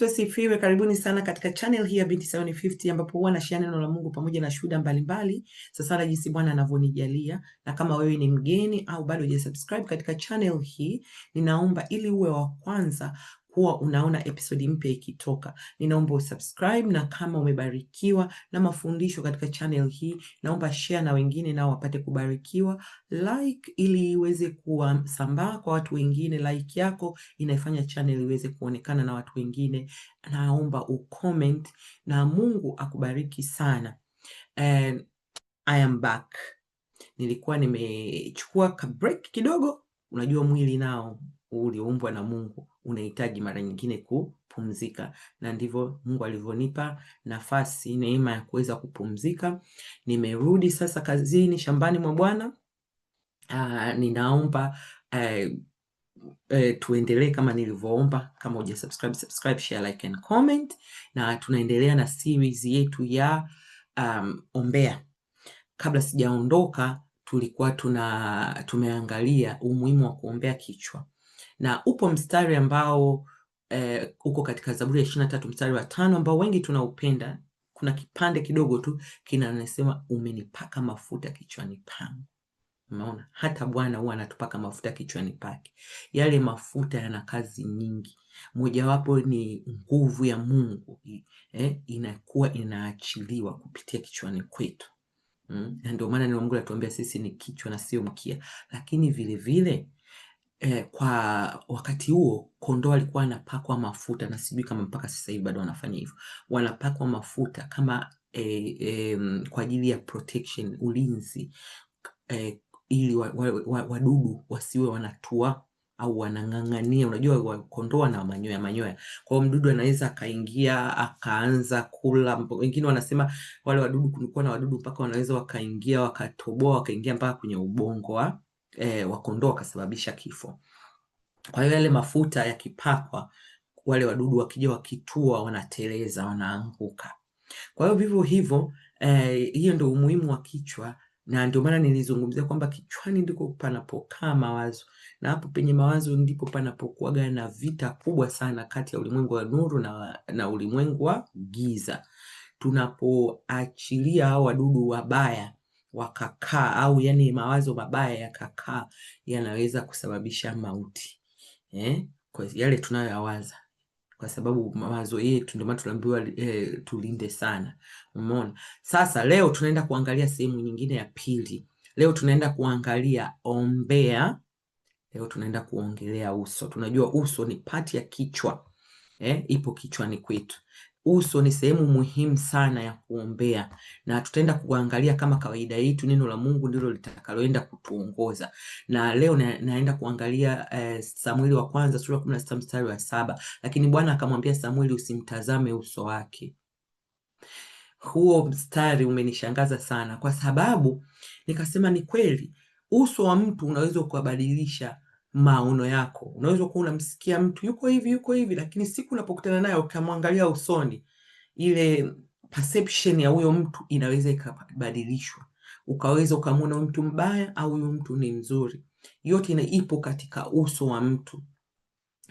Yesu asifiwe. Karibuni sana katika channel hii ya Binti Sayuni 50 ambapo huwa nashia neno la Mungu pamoja na shuhuda mbalimbali, sasa na jinsi Bwana anavyonijalia. Na kama wewe ni mgeni au bado hujasubscribe katika channel hii, ninaomba ili uwe wa kwanza kuwa unaona episodi mpya ikitoka. Ninaomba usubscribe, na kama umebarikiwa na mafundisho katika channel hii, naomba share na wengine nao wapate kubarikiwa. Like ili iweze kuwasambaa kwa watu wengine, like yako inaifanya channel iweze kuonekana na watu wengine. Naomba ucomment na Mungu akubariki sana. And I am back. Nilikuwa nimechukua break kidogo, unajua mwili nao uliumbwa na Mungu unahitaji mara nyingine kupumzika, na ndivyo Mungu alivyonipa nafasi, neema ya kuweza kupumzika. Nimerudi sasa kazini, shambani mwa Bwana. Ah, ninaomba eh, eh, tuendelee kama nilivyoomba. Kama uja subscribe, subscribe, share, like and comment, na tunaendelea na series yetu ya um, ombea. Kabla sijaondoka, tulikuwa tuna tumeangalia umuhimu wa kuombea kichwa na upo mstari ambao eh, uko katika Zaburi ya ishirini na tatu mstari wa tano ambao wengi tunaupenda. Kuna kipande kidogo tu kinanasema, umenipaka mafuta kichwani pangu. Umeona, hata Bwana huwa anatupaka mafuta kichwani pake. Yale mafuta yana kazi nyingi, mojawapo ni nguvu ya Mungu eh, inakuwa inaachiliwa kupitia kichwani kwetu. Mm. Ndio maana neno Mungu anatuambia sisi ni kichwa na sio mkia, lakini vilevile eh, kwa wakati huo kondoo alikuwa anapakwa mafuta, na sijui kama mpaka sasa hivi bado wanafanya hivyo, wanapakwa mafuta kama eh, eh, kwa ajili ya protection, ulinzi eh, ili wadudu wa, wa, wa wasiwe wanatua au wanang'ang'ania. Unajua kondoo na manyoya manyoya, kwa hiyo mdudu anaweza akaingia akaanza kula. Wengine wanasema wale wadudu, kulikuwa na wadudu mpaka wanaweza wakaingia wakatoboa wakaingia mpaka kwenye ubongo wa eh, wa kondoo akasababisha kifo. Kwa hiyo yale mafuta yakipakwa, wale wadudu wakija wakitua, wanateleza, wanaanguka. Kwa hiyo vivyo hivyo eh, hiyo ndio umuhimu wa kichwa, na ndio maana nilizungumzia kwamba kichwani ndiko panapokaa mawazo, na hapo penye mawazo ndipo panapokuwaga na vita kubwa sana kati ya ulimwengu wa nuru na, na ulimwengu wa giza. Tunapoachilia hao wadudu wabaya wakakaa au yani mawazo mabaya yakakaa, yanaweza kusababisha mauti eh? Kwa yale tunayoyawaza, kwa sababu mawazo yetu, ndio maana tunaambiwa eh, tulinde sana. Umeona? Sasa leo tunaenda kuangalia sehemu nyingine ya pili. Leo tunaenda kuangalia ombea. Leo tunaenda kuongelea uso. Tunajua uso ni pati ya kichwa eh, ipo kichwani kwetu uso ni sehemu muhimu sana ya kuombea, na tutaenda kuangalia kama kawaida yetu, neno la Mungu ndilo litakaloenda kutuongoza. Na leo na, naenda kuangalia eh, Samueli wa kwanza sura kumi na sita mstari wa saba lakini Bwana akamwambia Samueli, usimtazame uso wake. Huo mstari umenishangaza sana, kwa sababu nikasema ni kweli, uso wa mtu unaweza ukabadilisha maono yako. Unaweza kuwa unamsikia mtu yuko hivi yuko hivi, lakini siku unapokutana naye ukamwangalia usoni, ile perception ya huyo mtu inaweza ikabadilishwa, ukaweza ukamwona huyu mtu mbaya au huyu mtu ni mzuri. Yote ina ipo katika uso wa mtu.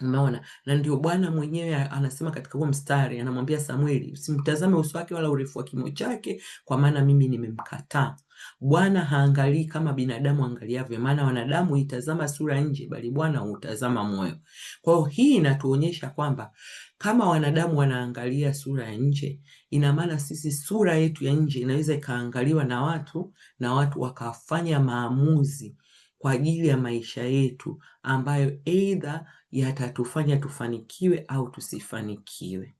Mmeona, na ndio Bwana mwenyewe anasema katika huo mstari, anamwambia Samueli, usimtazame uso wake wala urefu wa kimo chake, kwa maana mimi nimemkataa. Bwana haangalii kama binadamu angaliavyo, maana wanadamu huitazama sura nje, bali Bwana utazama moyo. Kwa hiyo hii inatuonyesha kwamba kama wanadamu wanaangalia sura ya nje, ina maana sisi sura yetu ya nje inaweza ikaangaliwa na watu na watu wakafanya maamuzi kwa ajili ya maisha yetu ambayo aidha yatatufanya tufanikiwe au tusifanikiwe.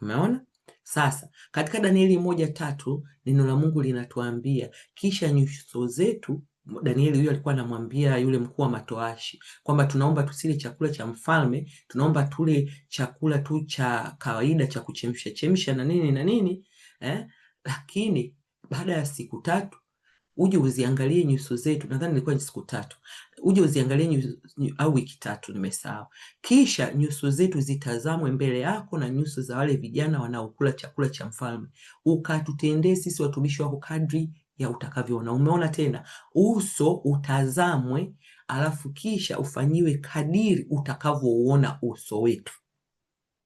Umeona? Sasa katika Danieli moja tatu neno la Mungu linatuambia kisha nyuso zetu Danieli huyo alikuwa anamwambia yule mkuu wa matoashi kwamba tunaomba tusile chakula cha mfalme, tunaomba tule chakula tu cha kawaida cha kuchemsha chemsha na nini na nini eh? Lakini baada ya siku tatu uje uziangalie nyuso zetu, nadhani ilikuwa siku tatu, uje uziangalie nyuso, au wiki tatu, nimesahau. Kisha nyuso zetu zitazamwe mbele yako na nyuso za wale vijana wanaokula chakula cha mfalme, ukatutendee sisi watumishi wako kadri ya utakavyoona. Umeona tena, uso utazamwe, alafu kisha ufanyiwe kadiri utakavyouona uso wetu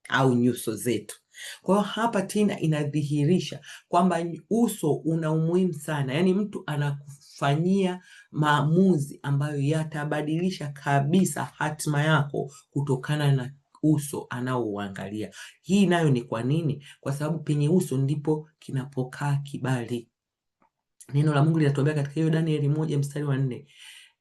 au nyuso zetu. Kwa hiyo hapa tena inadhihirisha kwamba uso una umuhimu sana, yaani mtu anakufanyia maamuzi ambayo yatabadilisha kabisa hatima yako kutokana na uso anaouangalia. Hii nayo ni kwa nini? Kwa sababu penye uso ndipo kinapokaa kibali. Neno la Mungu linatuambia katika hiyo Danieli moja mstari wa nne,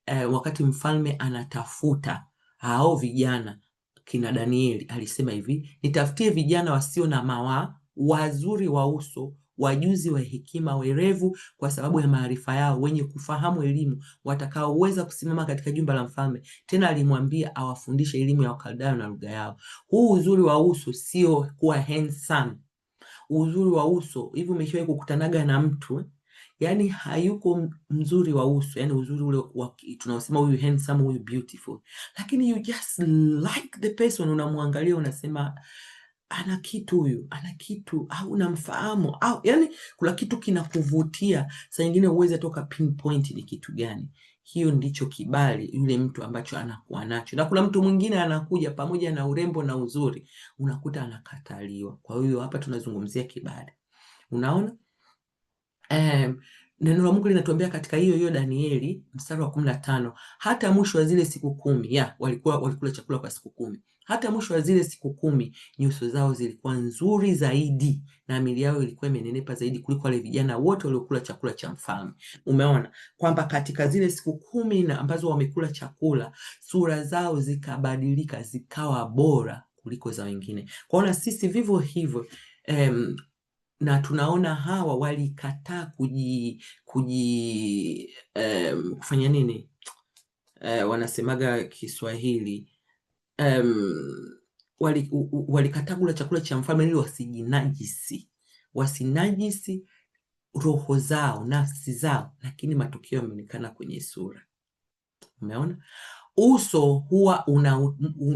eh, wakati mfalme anatafuta hao vijana kina Danieli alisema hivi, nitafutie vijana wasio na mawaa, wazuri wa uso, wajuzi wa hekima, werevu kwa sababu ya maarifa yao, wenye kufahamu elimu, watakaoweza kusimama katika jumba la mfalme. Tena alimwambia awafundishe elimu ya Wakaldayo na lugha yao. Huu uzuri wa uso sio kuwa handsome. Uzuri wa uso hivi, umeshawahi kukutanaga na mtu yani hayuko mzuri wa uso, yani uzuri ule tunaosema huyu handsome, huyu beautiful, lakini you just like the person, unamwangalia unasema ana kitu huyu, ana kitu au unamfahamu au, yani kuna kitu kinakuvutia. Saa nyingine uweze toka pinpoint ni kitu gani hiyo ndicho kibali yule mtu ambacho anakuwa nacho. Na kuna mtu mwingine anakuja pamoja na urembo na uzuri, unakuta anakataliwa. Kwa hiyo hapa tunazungumzia kibali, unaona um, neno la Mungu linatuambia katika hiyo hiyo Danieli mstari wa kumi na tano hata mwisho wa zile siku kumi ya walikuwa walikula chakula kwa siku kumi hata mwisho wa zile siku kumi nyuso zao zilikuwa nzuri zaidi na miili yao ilikuwa imenenepa zaidi kuliko wale vijana wote waliokula chakula cha mfalme. Umeona kwamba katika zile siku kumi na ambazo wamekula chakula, sura zao zikabadilika zikawa bora kuliko za wengine. Kwaona sisi vivyo hivyo um, na tunaona hawa walikataa kuji, kuji um, kufanya nini uh, wanasemaga Kiswahili um, walikataa kula chakula cha mfalme ili wasijinajisi, wasinajisi roho zao, nafsi zao, lakini matukio yameonekana kwenye sura. Umeona, uso huwa una,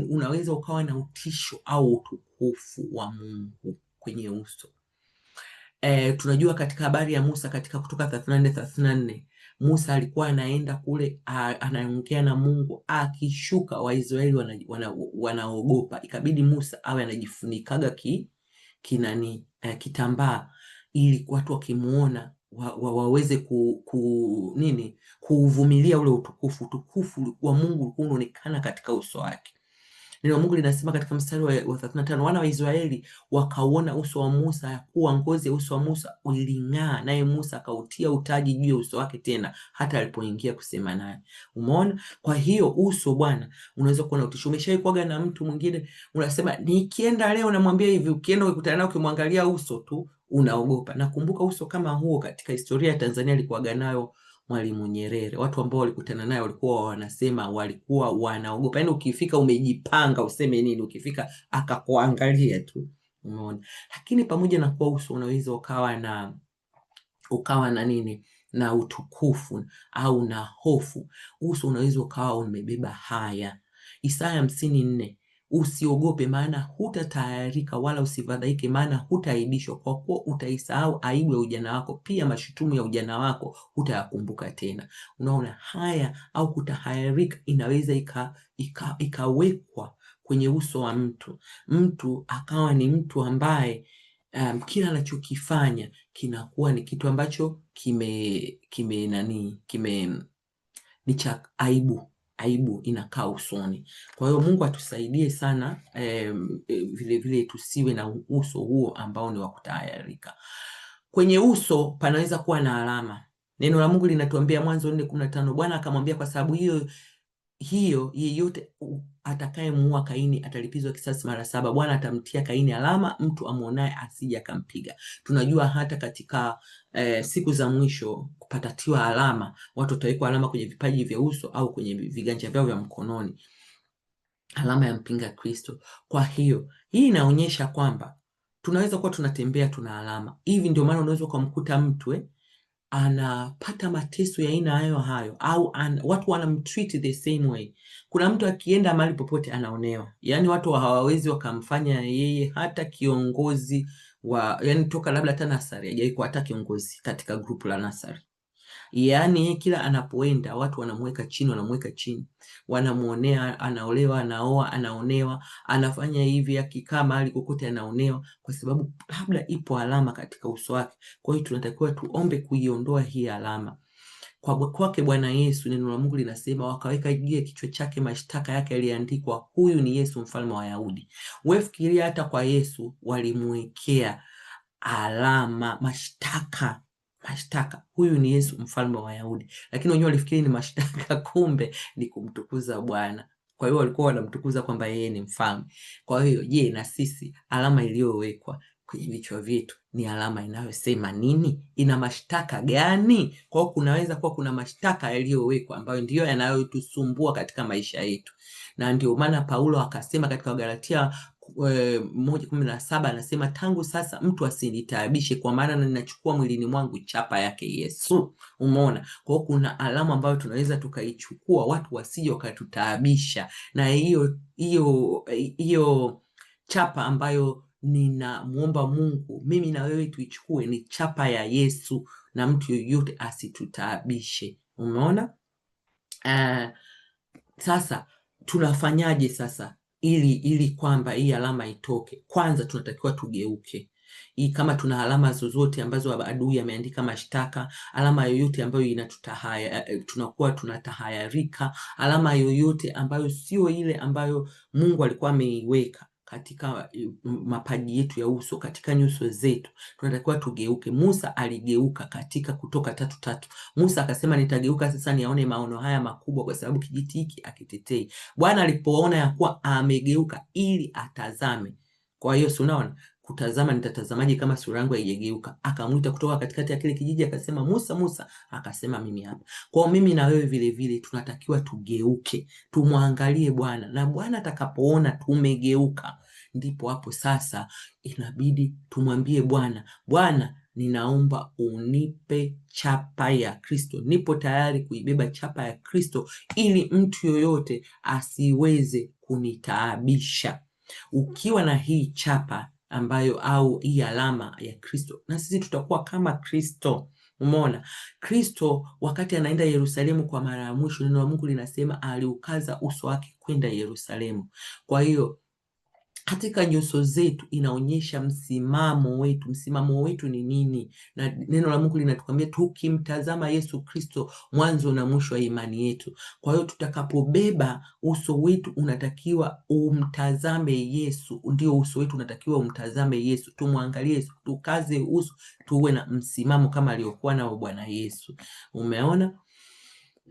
unaweza ukawa na utisho au utukufu wa Mungu kwenye uso e, tunajua katika habari ya Musa katika Kutoka 34 34 Musa alikuwa anaenda kule anaongea na Mungu, akishuka Waisraeli wanaogopa wana, wana ikabidi Musa awe anajifunikaga ki, kinani eh, kitambaa ili watu wakimuona wa, wa, waweze ku, ku nini kuuvumilia ule utukufu. Utukufu wa Mungu ulikuwa unaonekana katika uso wake. Neno Mungu linasema katika mstari wa 35, wana wa Israeli wakauona uso wa Musa, ya kuwa ngozi ya uso wa Musa uling'aa, naye Musa akautia utaji juu ya uso wake, tena hata alipoingia kusema naye. Umeona? Kwa hiyo uso bwana, unaweza kuona na utisho. na mtu mwingine, unasema nikienda leo, namwambia hivi, ukienda ukikutana naye, ukimwangalia uso tu unaogopa. Nakumbuka uso kama huo katika historia ya Tanzania alikuwaga nayo Mwalimu Nyerere. Watu ambao walikutana naye walikuwa wanasema walikuwa wanaogopa, yaani ukifika umejipanga useme nini, ukifika akakuangalia tu, umeona. Lakini pamoja na kuwa uso unaweza ukawa na ukawa na nini na utukufu au na hofu, uso unaweza ukawa umebeba haya. Isaya hamsini nne usiogope, maana hutatayarika wala usifadhaike, maana hutaaibishwa, kwa kuwa utaisahau aibu ya ujana wako, pia mashutumu ya ujana wako hutayakumbuka tena. Unaona, haya au kutahayarika inaweza ika, ika, ikawekwa kwenye uso wa mtu, mtu akawa ni mtu ambaye um, kila anachokifanya kinakuwa ni kitu ambacho kime kime nani kime ni cha aibu aibu inakaa usoni. Kwa hiyo Mungu atusaidie sana vilevile, e, eh, vile tusiwe na uso huo ambao ni wa kutahayarika. Kwenye uso panaweza kuwa na alama. Neno la Mungu linatuambia Mwanzo nne kumi na tano Bwana akamwambia kwa sababu hiyo hiyo yeyote atakayemuua Kaini atalipizwa kisasi mara saba. Bwana atamtia Kaini alama, mtu amwonaye asije akampiga. Tunajua hata katika eh, siku za mwisho kupatatiwa alama, watu watawekwa alama kwenye vipaji vya uso au kwenye viganja vyao vya mkononi, alama ya mpinga Kristo. Kwa hiyo hii inaonyesha kwamba tunaweza kuwa tunatembea tuna alama hivi. Ndio maana unaweza ukamkuta mtu eh, anapata mateso ya aina hayo hayo au an, watu wanamtreat the same way. Kuna mtu akienda mahali popote anaonewa, yaani watu hawawezi wakamfanya yeye hata kiongozi wa, yani toka labda hata nasari hajawahi kuwa hata kiongozi katika grupu la nasari Yaani kila anapoenda watu wanamweka chini, wanamweka chini, wanamuonea anaolewa, anaoa, anaonewa, anafanya hivi, akikaa mahali kokote anaonewa, kwa sababu labda ipo alama katika uso wake. Kwa hiyo tunatakiwa tuombe kuiondoa hii alama kwa kwake Bwana Yesu. Neno la Mungu linasema wakaweka juu ya kichwa chake mashtaka yake yaliandikwa, huyu ni Yesu mfalme wa Wayahudi. Wewe fikiria, hata kwa Yesu walimwekea alama, mashtaka mashtaka. Huyu ni Yesu mfalme wa Wayahudi, lakini wenyewe walifikiri ni mashtaka, kumbe ni kumtukuza Bwana. Kwa hiyo walikuwa wanamtukuza kwamba yeye ni mfalme. Kwa hiyo, je, na sisi alama iliyowekwa kwenye vichwa vyetu ni alama inayosema nini? Ina mashtaka gani? Kwa hiyo kunaweza kuwa kuna mashtaka yaliyowekwa ambayo ndiyo yanayotusumbua katika maisha yetu, na ndio maana Paulo akasema katika Wagalatia moja kumi na saba anasema tangu sasa mtu asinitaabishe, kwa maana ninachukua mwilini mwangu chapa yake Yesu. Umeona, kwa hiyo kuna alama ambayo tunaweza tukaichukua, watu wasije wakatutaabisha na hiyo hiyo hiyo chapa ambayo ninamwomba Mungu mimi na wewe tuichukue, ni chapa ya Yesu na mtu yoyote asitutaabishe. Umeona uh, sasa tunafanyaje sasa ili ili kwamba hii alama itoke, kwanza tunatakiwa tugeuke hii kama tuna alama zozote ambazo adui ameandika mashtaka, alama yoyote ambayo inatutahaya, eh, eh, tunakuwa tunatahayarika, alama yoyote ambayo sio ile ambayo Mungu alikuwa ameiweka, katika eh, mapaji yetu ya uso, katika nyuso zetu, tunatakiwa tugeuke. Musa aligeuka katika Kutoka tatu tatu. Musa akasema nitageuka sasa niyaone maono haya makubwa, kwa sababu kijiti hiki akitetei. Bwana alipoona ya kuwa amegeuka ili atazame. Kwa hiyo si unaona kutazama nitatazamaje kama sura yangu haijageuka? Akamwita kutoka katikati ya kile kijiji, akasema Musa, Musa. Akasema mimi hapa. Kwa mimi na wewe vile vile tunatakiwa tugeuke, tumwangalie Bwana, na Bwana atakapoona tumegeuka, ndipo hapo sasa inabidi tumwambie Bwana, Bwana, ninaomba unipe chapa ya Kristo. Nipo tayari kuibeba chapa ya Kristo ili mtu yoyote asiweze kunitaabisha. Ukiwa na hii chapa ambayo au hii alama ya Kristo, na sisi tutakuwa kama Kristo. Umeona, Kristo wakati anaenda Yerusalemu kwa mara ya mwisho, neno la Mungu linasema aliukaza uso wake kwenda Yerusalemu. Kwa hiyo katika nyuso zetu inaonyesha msimamo wetu. Msimamo wetu ni nini? Na neno la Mungu linatukwambia tukimtazama Yesu Kristo, mwanzo na mwisho wa imani yetu. Kwa hiyo tutakapobeba, uso wetu unatakiwa umtazame Yesu, ndio uso wetu unatakiwa umtazame Yesu, tumwangalie Yesu, tukaze uso, tuwe na msimamo kama aliyokuwa nao Bwana Yesu. Umeona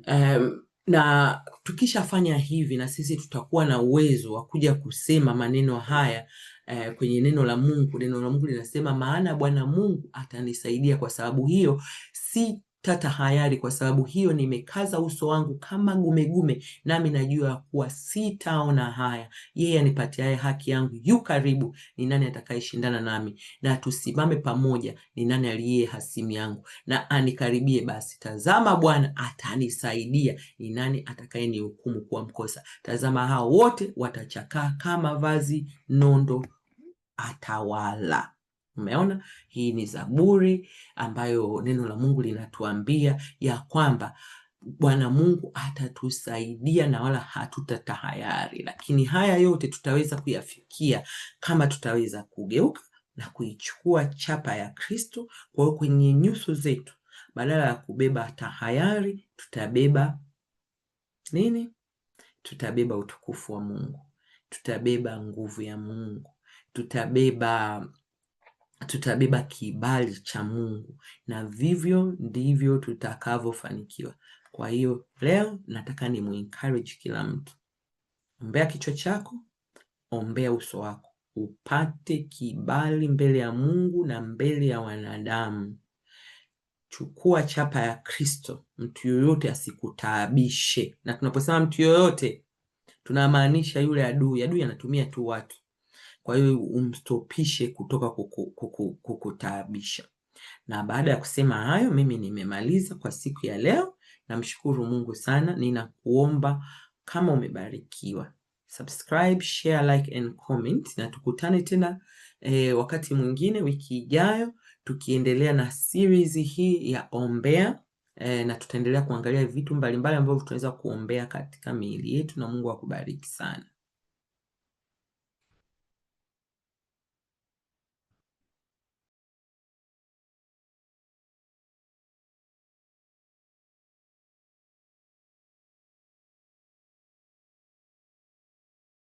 um, na tukishafanya hivi na sisi tutakuwa na uwezo wa kuja kusema maneno haya eh, kwenye neno la Mungu. Neno la Mungu linasema, maana Bwana Mungu atanisaidia. Kwa sababu hiyo si tata hayari kwa sababu hiyo, nimekaza uso wangu kama gumegume, nami najua kuwa sitaona haya. Yeye anipatiaye haki yangu yu karibu. Ni nani atakayeshindana nami? Na tusimame pamoja. Ni nani aliye hasimu yangu? Na anikaribie basi. Tazama, Bwana atanisaidia. Ni nani atakayenihukumu kuwa mkosa? Tazama, hao wote watachakaa kama vazi, nondo atawala Umeona, hii ni Zaburi ambayo neno la Mungu linatuambia ya kwamba Bwana Mungu atatusaidia na wala hatutatahayari, lakini haya yote tutaweza kuyafikia kama tutaweza kugeuka na kuichukua chapa ya Kristo. Kwa kwenye nyuso zetu badala ya kubeba tahayari, tutabeba nini? Tutabeba utukufu wa Mungu, tutabeba nguvu ya Mungu, tutabeba tutabeba kibali cha Mungu na vivyo ndivyo tutakavyofanikiwa. Kwa hiyo leo nataka ni muencourage kila mtu, ombea kichwa chako, ombea uso wako, upate kibali mbele ya Mungu na mbele ya wanadamu. Chukua chapa ya Kristo, mtu yoyote asikutaabishe. Na tunaposema mtu yoyote, tunamaanisha yule adui. Adui anatumia tu watu kwa hiyo umstopishe kutoka kuku, kuku, kukutaabisha. Na baada ya kusema hayo, mimi nimemaliza kwa siku ya leo. Namshukuru Mungu sana. Ninakuomba kama umebarikiwa, subscribe, share, like and comment, na tukutane tena eh, wakati mwingine wiki ijayo tukiendelea na series hii ya ombea eh, na tutaendelea kuangalia vitu mbalimbali ambavyo tunaweza kuombea katika miili yetu, na Mungu akubariki sana.